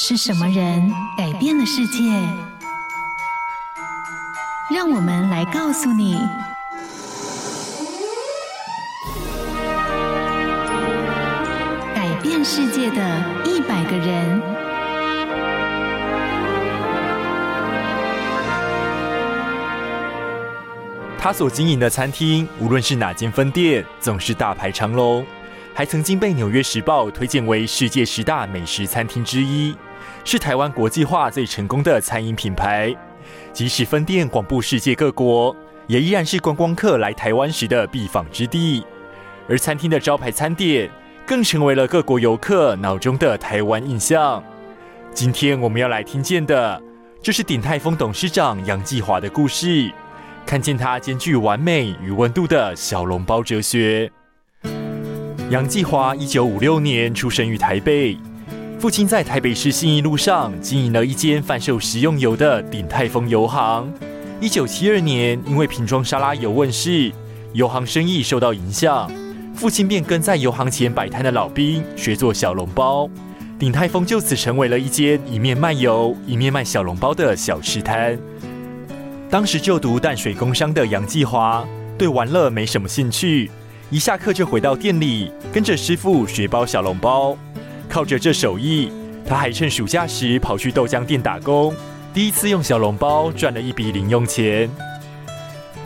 是什麼人改變了世界？讓我們來告訴你：改變世界的一百個人。他所經營的餐廳，無論是哪間分店，總是大排長龍。還曾經被《紐約時報》推薦為世界十大美食餐廳之一，是台灣國際化最成功的餐飲品牌。即使分店廣布世界各國，也依然是觀光客來台灣時的必訪之地。而餐廳的招牌餐點，更成為了各國遊客腦中的台灣印象。今天我們要來聽見的，就是鼎泰豐董事長楊紀華的故事，看見他兼具完美與溫度的小籠包哲學。楊紀華一九五六年出生於台北，父親在台北市信義路上經營了一間販售食用油的鼎泰豐油行。一九七二年，因為瓶裝沙拉油問世，油行生意受到影響，父親便跟在油行前擺攤的老兵學做小籠包。鼎泰豐就此成為了一間一面賣油、一面賣小籠包的小吃攤。當時就讀淡水工商的楊紀華，對玩樂沒什麼興趣。一下課就回到店裡，跟着師傅學包小籠包。靠着這手藝，他還趁暑假時跑去豆漿店打工，第一次用小籠包賺了一筆零用錢。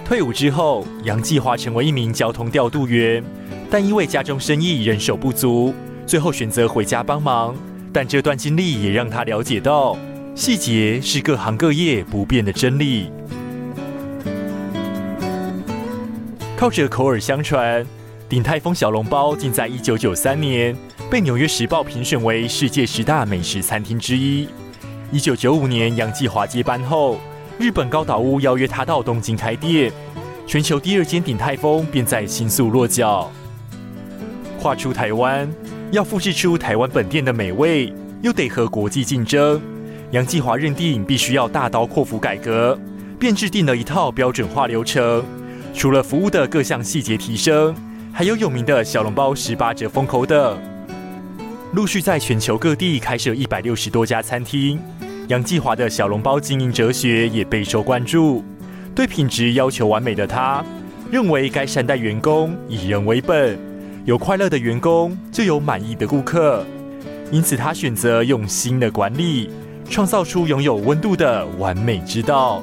退伍之後，楊紀華成為一名交通調度員，但因為家中生意人手不足，最後選擇回家幫忙。但這段經歷也讓他了解到，細節是各行各業不變的真理。靠着口耳相傳，鼎泰豐小籠包竟在1993年被《紐約時報》評選為世界十大美食餐廳之一。1995年，楊紀華接班後，日本高島屋邀約他到東京開店，全球第二間鼎泰豐便在新宿落腳。跨出台灣，要複製出台灣本店的美味，又得和國際競爭，楊紀華認定必須要大刀闊斧改革，便制定了一套標準化流程。除了服務的各項細節提升，還有有名的小籠包十八折封口等，陸續在全球各地開設一百六十多家餐廳。楊紀華的小籠包經營哲學也備受關注。對品質要求完美的他，認為該善待員工，以人為本，有快樂的員工就有滿意的顧客。因此，他選擇用心的管理，創造出擁有溫度的完美之道。